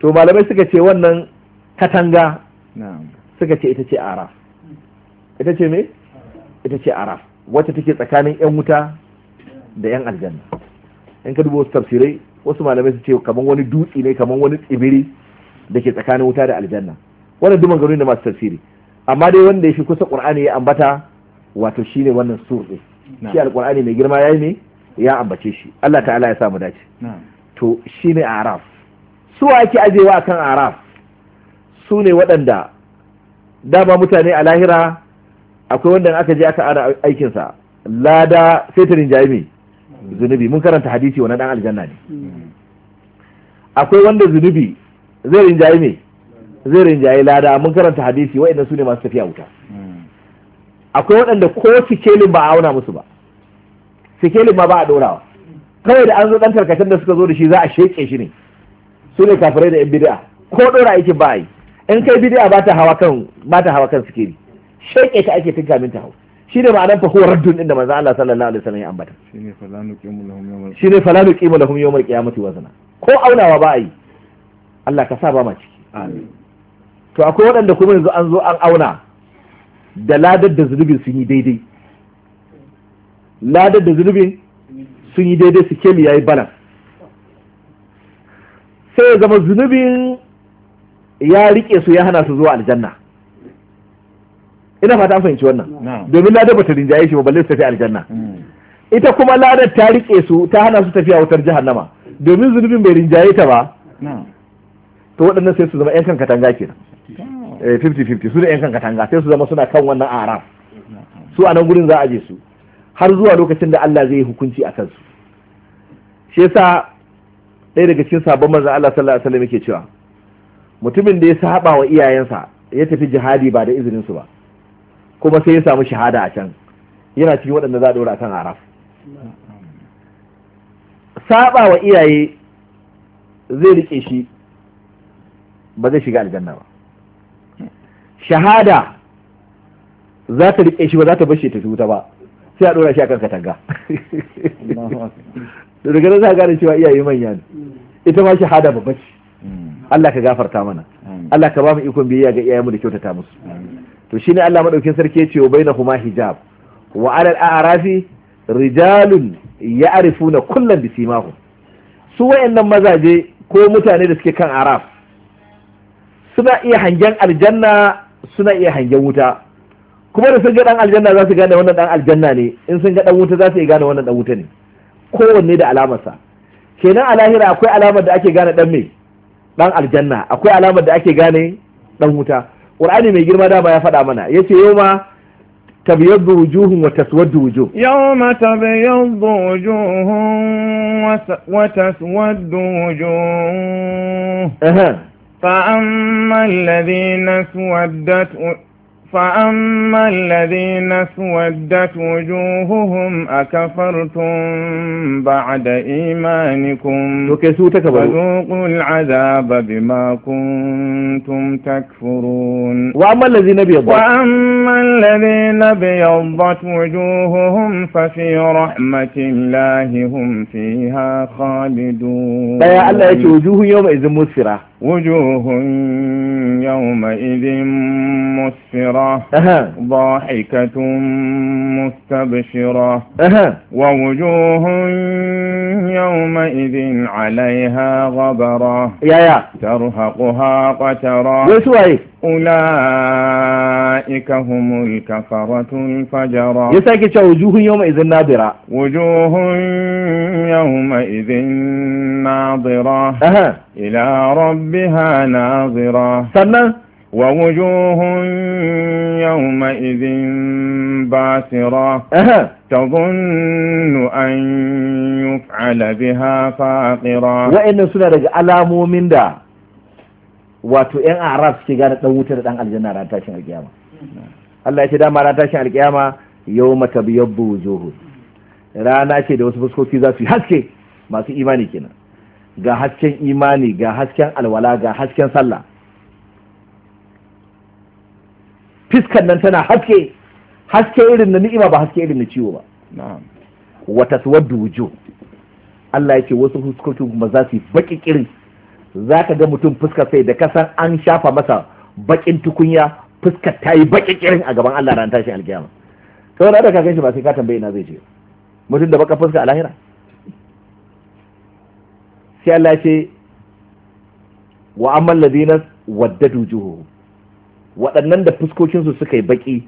to malamai suka ce wannan katanga suka ce ita ce araf ita ce me ita ce araf wacce take tsakanin yan wuta da yan aljanna in ka dubo tafsirai wasu malamai su ce kaman wani dutse ne kaman wani tsibiri da ke tsakanin wuta da aljanna wannan duman gano ne masu tafsiri amma dai wanda ya shi kusa qur'ani ya ambata wato shine wannan sur din shi alqur'ani mai girma ya yi ne ya ambace shi Allah ta'ala ya sa mu dace to shi ne araf su ake ajewa kan araf su ne waɗanda dama mutane a lahira akwai wanda aka je aka ara aikinsa lada sai ta rinjaye zunubi mun karanta hadisi wani dan aljanna ne hmm. akwai wanda zunubi zai rinjaye ne zai rinjaye lada mun karanta hadisi wa'inda su ne masu tafiya wuta akwai waɗanda ko sikelin ba a auna musu ba sikelin ma ba a ɗorawa kawai da an zo ɗan tarkacen da suka zo da shi za a sheƙe shi ne su ne kafirai da 'yan bidi'a ko ɗora aikin ba a yi in kai bidi'a ba ta hawa kan ba ta hawa kan sikeli sheƙe ka ake tinka min ta hau shi ne ma'anar fa huwa raddun inda manzo Allah sallallahu alaihi wasallam ya ambata shi ne falanu qimu lahum yawmal qiyamati wazna ko aunawa ba a yi Allah ka sa ba ma ciki amin to akwai waɗanda kuma yanzu an zo an auna da ladar da zunubin sun yi daidai ladar da zunubin sun yi daidai su keli ya yi balan sai ya zama zunubin ya rike su ya hana su zuwa aljanna ina fata an fahimci wannan domin ladar ta rinjaye shi ba balle su tafi aljanna hmm. ita kuma ladar ta rike su ta hana su tafiya wutar jahannama domin zunubin bai rinjaye ta ba to waɗannan sai su zama 'yan kan katanga kenan 50-50 eh, su da yan kan katanga sai su zama suna kan wannan aram su a nan gudun za a je su har zuwa lokacin da Allah zai yi hukunci a kansu shi yasa ɗaya daga cikin sabon manzon Allah sallallahu alaihi wasallam yake cewa mutumin da ya saba wa iyayensa ya tafi jihadi ba da izinin su ba kuma sai ya samu shahada a can yana cikin waɗanda za a ɗora kan araf saba wa iyaye zai riƙe shi ba zai shiga aljanna ba shahada za ta riƙe shi ba za ta bashe ta wuta ba sai a ɗora shi a kan katanga da daga za a gane cewa iyaye manya ne ita ma shahada ba ce hmm. Allah ka gafarta mana hmm. Allah ka ba mu ikon biyayya ga iyayenmu da kyautata musu hmm. to shine Allah madaukin sarki ya ce wa ma hijab wa alal a'rafi rijalun ya'rifuna kullan simahum su wayannan mazaje ko mutane da suke kan araf suna iya hangen aljanna suna iya hangen wuta kuma da sun ga dan aljanna za su gane wannan dan aljanna ne in sun ga dan wuta za su gane wannan dan wuta ne kowanne da alamarsa kenan a lahira akwai alamar da ake gane dan me dan aljanna akwai alamar da ake gane dan wuta qur'ani mai girma dama ya faɗa mana yace yoma ma wujuhum wa taswaddu wujuh يوم تبيض wujuhum wa taswaddu wujuh فأما الذين اسودت فأما الذين اسودت وجوههم أكفرتم بعد إيمانكم فذوقوا العذاب بما كنتم تكفرون وأما الذين بيضت وأما الذين بيضت وجوههم ففي رحمة الله هم فيها خالدون يا الله وجوه يومئذ مسفرة وجوه يومئذ مسفرة ضاحكة مستبشرة ووجوه يومئذ عليها غبرة ترهقها قترة أولئك هم الكفرة الفجرة يسألك وجوه يومئذ ناظرة وجوه يومئذ ناظرة أها. إلى ربها ناظرة سنة ووجوه يومئذ باسرة أها. تظن أن يفعل بها فاقرة وإن سنة رجع ألامو من ده wato yan arab suke gane dan wuta da dan aljanna ran tashin alkiyama Allah ya ce dama ran tashin alkiyama yawma tabyabbu wujuhu rana ce da wasu fuskoki za su yi haske masu imani kenan ga hasken imani ga hasken alwala ga hasken sallah fiskan nan tana haske haske irin na ni'ima ba haske irin na ciwo ba wata suwaddu wujuh Allah ya ce wasu fuskoki kuma za su yi baƙi kirin za ka ga mutum fuskar sai da kasan an shafa masa bakin tukunya fuskar ta yi kirin a gaban Allah ran tashin alkiyama kawai da ka shi ba sai ka tambaye na zai ce mutum da baka fuska a lahira sai Allah ce wa amman ladina waddadu juhu waɗannan da fuskokinsu suka yi baki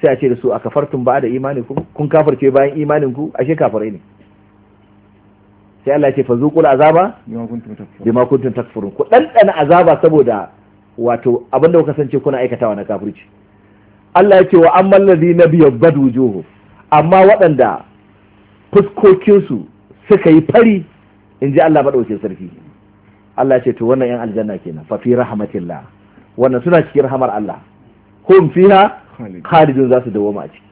sai a ce da su a kafartun ba da imani kun kafirce bayan imanin ku ashe kafirai ne sai Allah ce fazuqul azaba bima kuntum takfurun ku dandana azaba saboda wato abinda kuka kasance kuna aikatawa na kafirci Allah yake wa amman ladina biyabbadu wujuhu amma waɗanda fuskokinsu suka yi fari in ji Allah maɗaukin sarki Allah ya ce to wannan yan aljanna kenan fa fi rahmatillah wannan suna cikin rahmar Allah hum fiha khalidun za su dawoma a ciki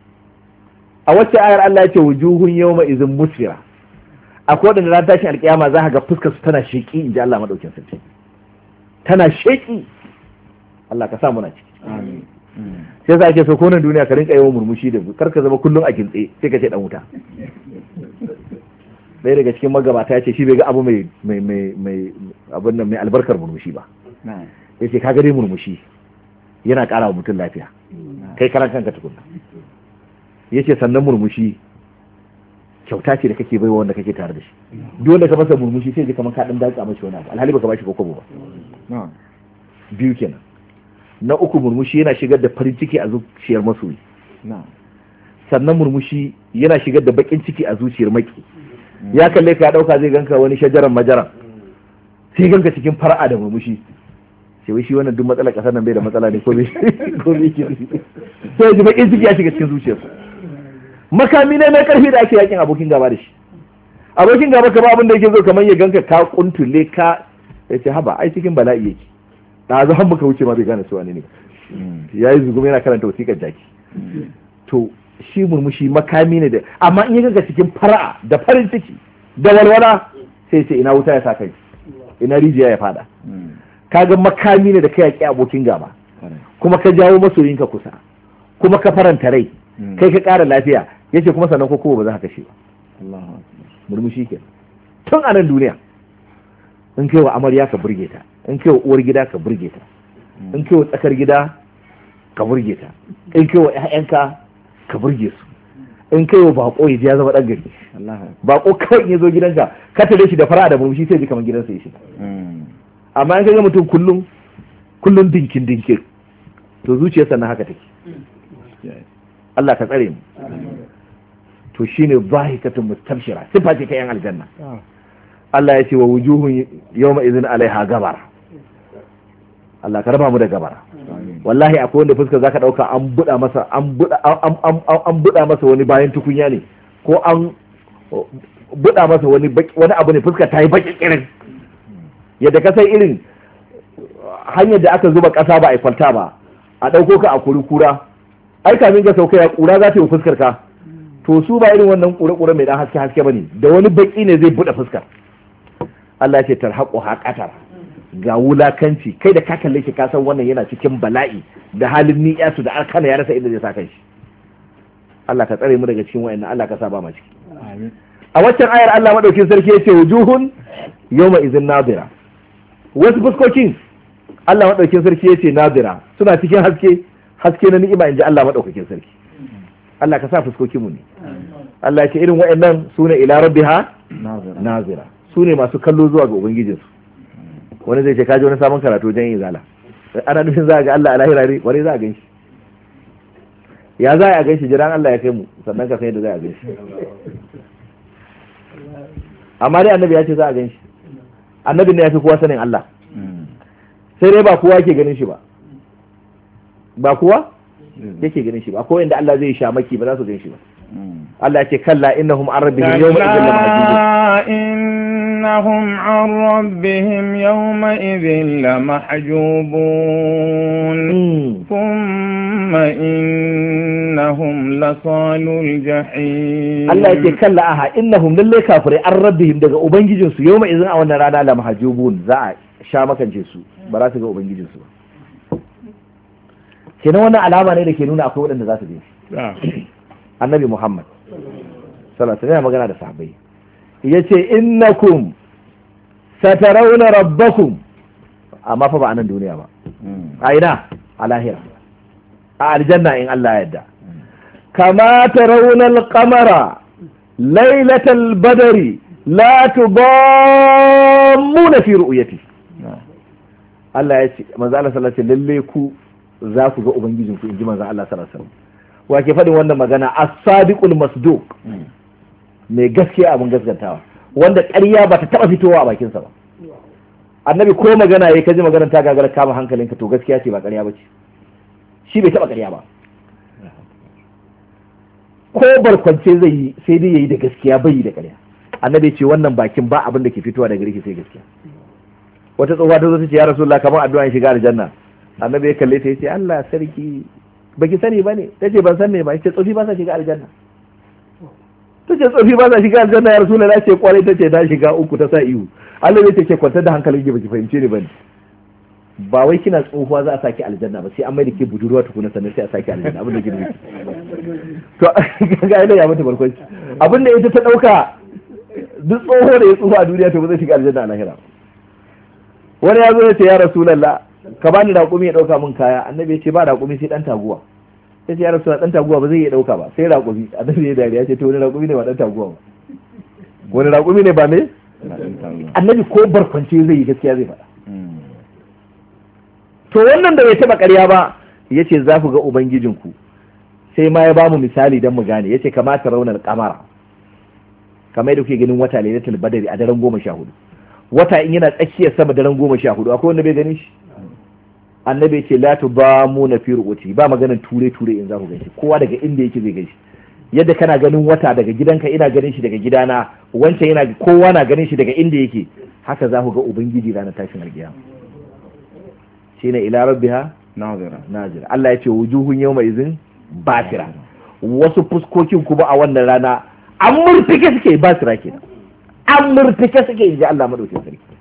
a wacce ayar Allah ya ce wujuhun yawma izin musfira akwai waɗanda ran tashin alkiyama za ka ga fuskar su tana sheki in ji Allah madaukin sarki tana sheki. Allah ka sa muna ciki Amin. sai sa ake so ko nan duniya ka rinka yawan murmushi da kar ka zama kullum a kintse sai ka ce dan wuta ɗaya daga cikin magabata ya ce shi bai ga abu mai mai mai abin nan mai albarkar murmushi ba ya ce ka dai murmushi yana ƙara wa mutum lafiya kai karan kanka tukunna ya ce sannan murmushi kyauta ce da kake bai wanda kake tare da shi dole ka masa murmushi sai ji kamar ka dan dantsa mashi wani abu alhali baka bashi kokobo ba biyu kenan na uku murmushi yana shigar da farin ciki a zuciyar masoyi sannan murmushi yana shigar da bakin ciki a zuciyar maki mm. ya kalle ka dauka zai ganka wani shajaran majaran sai ganka cikin fara'a da murmushi sai wai shi wannan duk matsalar kasar nan bai da matsala ne ko bai ko bai sai ji bakin ciki ya shiga cikin zuciyarsa makami ne mai karfi da ake yakin abokin gaba da shi abokin gaba ba abin da yake zo kamar ya ganka ka kuntule ka ya ce haba ai cikin bala'i yake da zo han muka wuce ma bai gane su wani ne hmm. ya zugum yana karanta wasiƙar jaki to shi murmushi makami ne da amma in ya ganka cikin fara'a da farin ciki da walwala sai ce ina wuta ya sa kai ina rijiya ya fada hmm. kaga makami ne da ka yaƙi abokin gaba kuma ka jawo masoyinka kusa kuma ka faranta rai kai ka ƙara lafiya yace kuma sannan ko ba za ka kashe ba murmushi ke tun a nan duniya in kai wa amarya ka burge ta in kai wa uwar gida ka burge ta hmm. in kai wa tsakar gida ka burge ta in kai wa ƴaƴanka ka burge su in kai wa bako ya ya zama dan gari bako kawai ya zo gidanka ka tare shi da fara da murmushi sai ji kamar gidansa ya shiga hmm. amma in ga mutum kullum kullum dinkin dinkin to zuciyarsa na haka take hmm. Allah ka tsare mu to shine zahikatun mustabshira sifa ce ta yan aljanna Allah ya ce wa wujuhun yawma idhin alaiha gabar Allah ka raba mu da gabar. wallahi akwai wanda fuska zaka dauka an buda masa an buda an buda masa wani bayan tukunya ne ko an buda masa wani wani abu ne fuska ta yi baki irin yadda ka sai irin hanyar da aka zuba kasa ba a kwalta ba a dauko ka a kuri kura ai kamin ga sauka ya kura za ta yi fuskar ka to su ba irin wannan kura-kura mai dan haske haske bane da wani baki ne zai buɗe fuskar Allah ce tarhaqu haqatar ga wulakanci kai da ka kalle shi ka san wannan yana cikin bala'i da halin ni'yasu da arkana ya rasa inda zai saka shi Allah ka tsare mu daga cikin wa'annan Allah ka sa ba mu ciki a waccan ayar Allah madaukin sarki yace wujuhun yawma izin nadira wasu fuskokin Allah madaukin sarki yace nadira suna cikin haske haske na ni'ima inji Allah maɗaukakin sarki Allah ka sa fuskokin mu ne Allah ya ce irin waɗannan ne ila rabbiha nazira Su ne masu kallo zuwa ga ubangijinsu wani zai ce kaji wani sabon karatu wajen yin zala ana nufin za a ga Allah a lahira ne wani za a gan shi ya za a gan shi jiran Allah ya kai mu sannan ka san yadda za a gan shi amma dai annabi ya ce za a gan shi annabi ne ya fi kowa sanin Allah hmm. sai dai ba kowa ke ganin shi ba ba kuwa hmm. yake ganin shi ba ko inda Allah zai shamaki ba za su gan shi ba hmm. Allah yake kalla innahum an rabbihim yawma idhin innahum an rabbihim yawma idhin mahjubun hmm. thumma innahum salul jahim Allah yake kalla aha innahum lalle kafirai an rabbihim daga ubangijinsu yawma idhin a wannan rana mahjubun za a sha makance su ba za su ga ubangijinsu ba kenan wannan alama ne da ke nuna akwai waɗanda za su bi ah. annabi muhammad sallallahu alaihi magana da sahabbai yace innakum satarawna rabbakum amma fa ba anan nan duniya ba hmm. a ina a lahira a aljanna in Allah yadda kama tarawna al lailatal badri la tudammuna fi ru'yati ah. Allah ya ce manzo Allah sallallahu alaihi lalle ku za ku ga ubangijinku in ji manzon Allah sallallahu alaihi wasallam wa ke faɗin wannan magana as-sadiqul masduq hmm. mai gaskiya abin gaskantawa wanda ƙarya ba ta taɓa fitowa a bakinsa ba annabi ko magana ya kaji magana ta gagara kama hankalinka to gaskiya ce ba ƙarya ba ce shi bai taɓa ƙarya ba ko barkwance zai yi sai dai yayi da gaskiya bai yi da ƙarya annabi ce wannan bakin ba abin da ke fitowa daga riki sai gaskiya wata tsohuwa ta zo ta ce ya rasulullah kamar addu'a ya shiga aljanna annabi ya kalle ta yace Allah sarki baki sani bane tace ban san me ba yace tsofi ba sa shiga aljanna tace tsofi ba sa shiga aljanna ya rasulullahi ce kwarai tace da shiga uku ta sa iyu Allah ya ce kwantar da hankalin ki baki fahimce ni bane ba wai kina tsohuwa za a saki aljanna ba sai an maida ke budurwa tukuna sannan sai a saki aljanna abin da gidi to ga ina ya mata barkwanci abin da ita ta dauka duk tsoho da ya tsoho a duniya to ba zai shiga aljanna a lahira wani ya zo ya ce ya rasulullah ka bani raƙumi ya ɗauka min kaya annabi ya ce ba raƙumi sai ɗan taguwa sai ce ya rasu ɗan taguwa ba zai iya ɗauka ba sai raƙumi annabi ya dariya ce to wani raƙumi ne ba ɗan taguwa ba wani raƙumi ne ba me annabi ko barkwanci zai yi gaskiya zai faɗa to wannan da bai taɓa ƙarya ba ya ce za ku ga ubangijinku sai ma ya ba mu misali don mu gane ya ce kamata raunar kamara kamar da kuke ganin wata lailatul badari a daren goma sha hudu wata in yana tsakiyar sama daren goma sha hudu akwai wanda bai gani shi annabi ce la tu ba mu na fi rubuci ba maganin ture ture in za ku ganshi kowa daga inda yake zai ganshi yadda kana ganin wata daga gidanka ina ganin shi daga gidana wancan yana kowa na ganin shi daga inda yake haka za ku ga ubangiji ranar tashin alkiyama shine ila rabbiha nazira nazira Allah ya ce wujuhun yawma izin basira wasu fuskokin kuma a wannan rana an murtike suke basira kenan an murtike suke inji Allah madaukakin sarki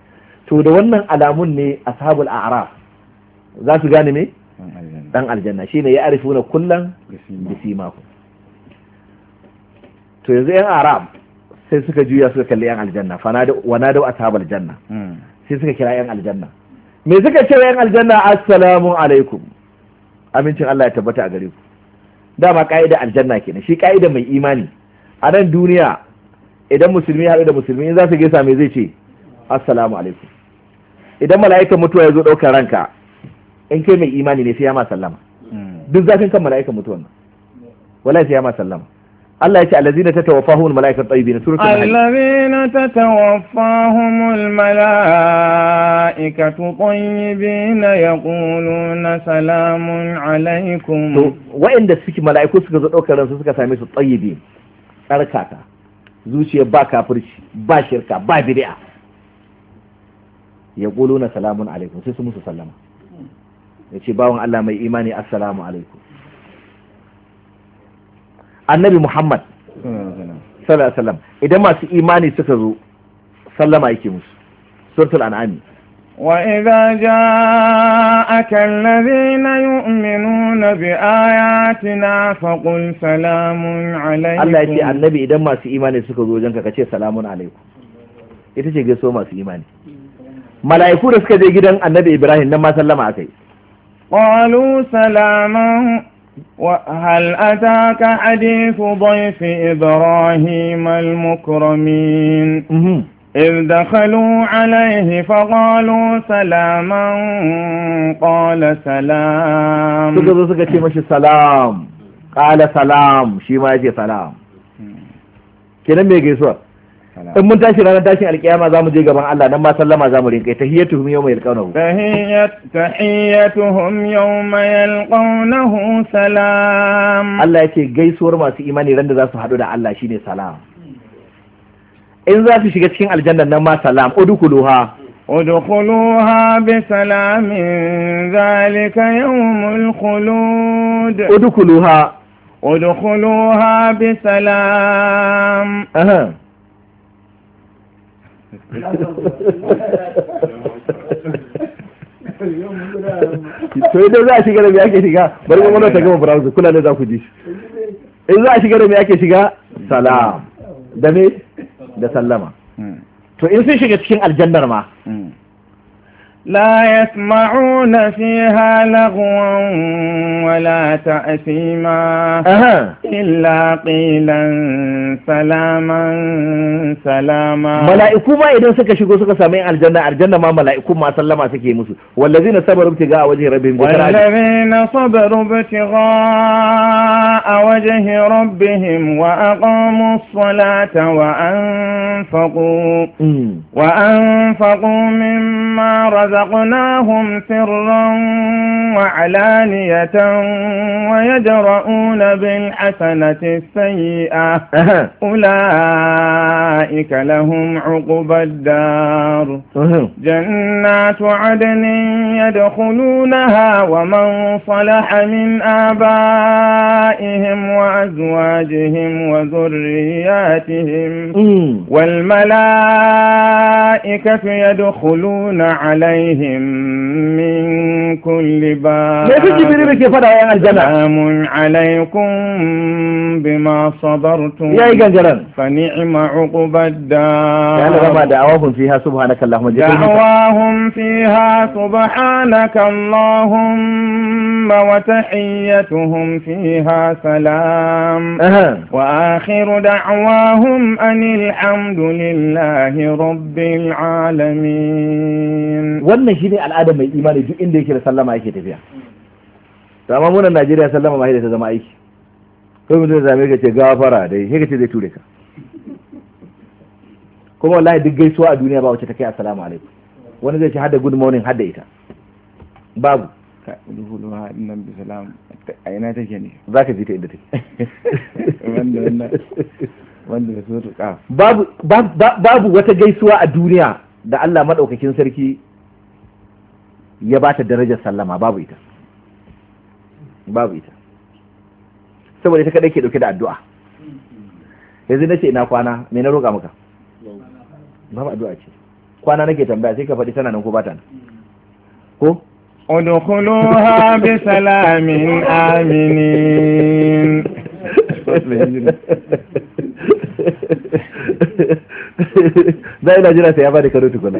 to da wannan alamun ne ashabul a'raf za su gane me dan aljanna shine ya arifuna kullan bisimakum to yanzu yan arab sai suka juya suka kalli yan aljanna wana da ashabal janna hmm. sai suka kira yan aljanna me suka kira yan aljanna assalamu alaikum amincin Allah ya tabbata a gare ku dama ka'ida aljanna kenan shi ka'ida mai imani a nan duniya idan musulmi ya haɗu da musulmi in za su gaisa me zai ce assalamu alaikum idan mala'ikan mutuwa ya zo ɗaukar ranka in kai mai imani ne sai ya ma sallama duk zafin kan mala'ikan mutuwan nan wallahi sai ya ma sallama Allah ya ce allazina tatawaffahumul mala'ikatu tayyibin suratul hajj allazina tatawaffahumul mala'ikatu tayyibin yaquluna salamun alaikum to wa'inda suke mala'iku suka zo daukar ransu suka same su tayyibin tsarkaka zuciya ba kafirci ba shirka ba bid'a yaquluna salamun alaikum sai su musu sallama ya ce bawan Allah mai imani assalamu alaikum annabi Muhammad sallallahu alaihi idan masu imani suka zo sallama yake musu suratul an'ami وإذا جاءك الذين يؤمنون بآياتنا فقل سلام عليكم الله يتي النبي إذا ما سي إيماني سكو زوجنك كتير salamun عليكم ita ce gaiso masu imani mala'iku da suka je gidan annabi ibrahim nan ma sallama akai قالوا سلاما وهل أتاك حديث ضيف إبراهيم المكرمين إذ دخلوا عليه فقالوا سلاما قال سلام سلام zo suka ce mashi salam qala سلام shi ma yace in mun tashi ranar tashin alkiyama za mu je gaban Allah nan ma sallama za mu rinka tahiyyatuhum yawma yalqawnahu tahiyyatuhum yawma yalqawnahu salam Allah yake gaisuwar masu imani ran da za su hadu da Allah shine salam in za su shiga cikin aljanna nan ma salam udkhuluha udkhuluha bi salamin zalika yawmul khulud udkhuluha udkhuluha bi salam to idan za a shiga da me ake shiga bari mu mona ta gama browser kula ne za ku ji in za a shiga da me ake shiga salam da me da sallama hmm. to in sun shiga cikin aljannar ma hmm. لا يسمعون فيها لغوا ولا تأثيما أه. إلا قيلا سلاما سلاما ملائكو ما إذن سكا شكو سكا سامين الجنة الجنة ما ملائكو ما سلما سكي مسو والذين صبروا ابتغاء وجه ربهم والذين صبروا ابتغاء وجه ربهم وأقاموا الصلاة وأنفقوا وأنفقوا مما رزقوا رزقناهم سرا وعلانية ويجرؤون بالحسنة السيئة أولئك لهم عقبى الدار جنات عدن يدخلونها ومن صلح من آبائهم وأزواجهم وذرياتهم أَمم. والملائكة يدخلون عليهم عليهم من كل باب سلام عليكم بما صبرتم فنعم عقب الدار دعواهم فيها سبحانك اللهم دعواهم فيها سبحانك اللهم وتحيتهم فيها سلام وآخر دعواهم أن الحمد لله رب العالمين wannan ne al'ada mai imani duk inda yake da sallama yake tafiya to amma munan Najeriya sallama mai da ta zama aiki kai mutum da zame ka ce gafara da sai ce zai ture ka kuma wallahi duk gaisuwa a duniya ba wacce ta kai assalamu alaikum wani zai ce hada good morning hada ita babu ka ha nan bi salam a ina take ne ji ta inda take wanda wannan wanda babu babu wata gaisuwa a duniya da Allah madaukakin sarki ya ba ta darajar sallama babu ita babu ita saboda ita kadai ke dauke da addu'a yanzu na ce ina kwana me na roƙa maka babu addu'a ce kwana nake tambaya sai ka faɗi tana nan ko ba ta nan ko udkhuluha bi salamin aminin da ina jira sai ya bada karo tukuna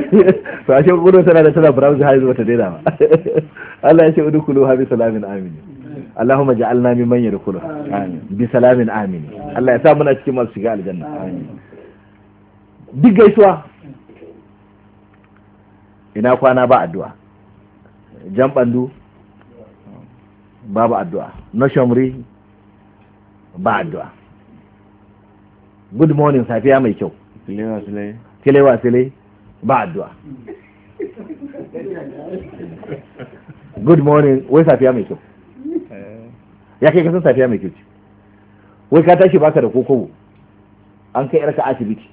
to ashe kudu tana da tana brown zai haizu wata daina ba Allah ya ce udu udkhulu habi salamin amini Allahumma ja'alna mimman yadkhulu amin bi salamin amini Allah ya sa muna cikin masu shiga aljanna amin duk gaisuwa ina kwana ba addu'a jan bandu babu addu'a na shamri ba addu'a good morning safiya mai kyau tilewa sile ba addu'a good morning wai safiya mai kyau eh. ya kai kasan safiya mai kyau ce wai ka tashi baka da kokobo an kai yarka asibiti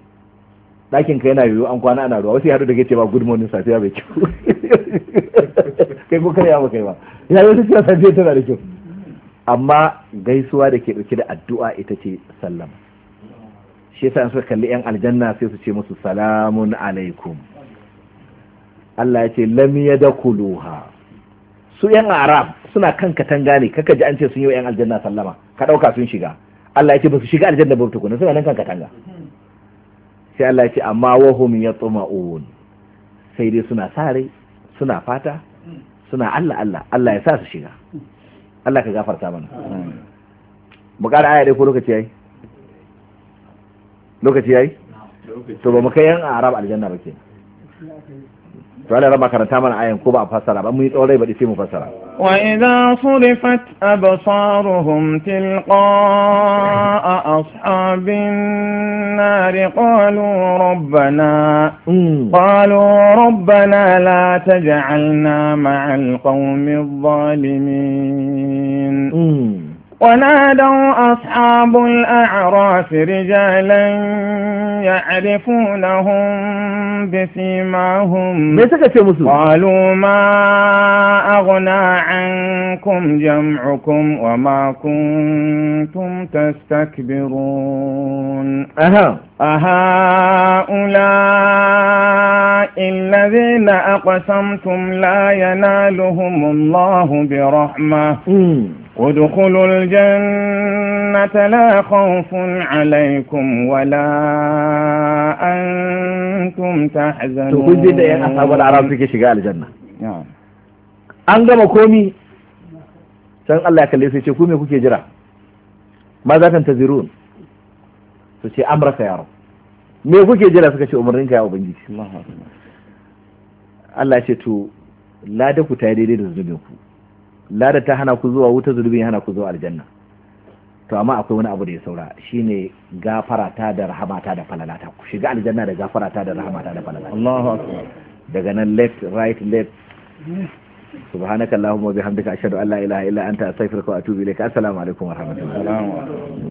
ɗakin ka yana yiwu an kwana ana ruwa wasu ya haɗu da ke ba good morning safiya mai kyau kai ko ya ba kai ba ya yi wasu cewa safiya tana da kyau amma gaisuwa da ke ɗauke da addu'a ita ce sallama shi yasa suka kalli yan aljanna sai su ce musu salamun alaikum Allah ya ce lam yadkhuluha su yan arab suna kan katanga ne kaka ji an ce sun yi yan aljanna sallama ka dauka sun shiga Allah ya ce ba su shiga aljanna ba tukuna suna nan kan katanga sai Allah ya ce amma hum yatma'un sai dai suna sare suna fata suna Allah Allah Allah ya sa su shiga Allah ka gafarta mana mu ƙara aya dai ko lokaci yayi lokaci yayi to ba mu kai yan arab aljanna ba ke to Allah raba karanta mana ayan ko ba a fassara ba mun yi tsaurai ba sai mu fassara wa idza surifat absaruhum tilqa'a ashabin nar qalu rabbana hmm. qalu rabbana la taj'alna ma'al qawmi adh-dhalimin hmm. ونادوا أصحاب الأعراف رجالا يعرفونهم بسيماهم قالوا ما أغنى عنكم جمعكم وما كنتم تستكبرون أها أهؤلاء الذين أقسمتم لا ينالهم الله برحمة ادخلوا الجنة لا خوف عليكم ولا أنتم تحزنون تقول جدا يا أصحاب العرب فيك شقاء الجنة أنقم كومي سأل الله يكلي سيشي كومي كوكي جرا ماذا تنتظرون سأل أمرك يا رب me كوكي جرا suka ce umarninka ya ubangiji Allah ya ce to lada ku ta daidai da zunubin lada ta hana ku zuwa wuta zurbi ya hana ku zuwa aljanna to amma akwai wani abu da ya saura shine gafarata da rahamata da falalata ku shiga aljanna da gafarata da rahamata da falalata Allahu akbar daga nan left right left subhanaka allahumma bihamdika ashhadu an la ilaha illa anta astaghfiruka wa atubu ilaik assalamu alaikum wa rahmatullahi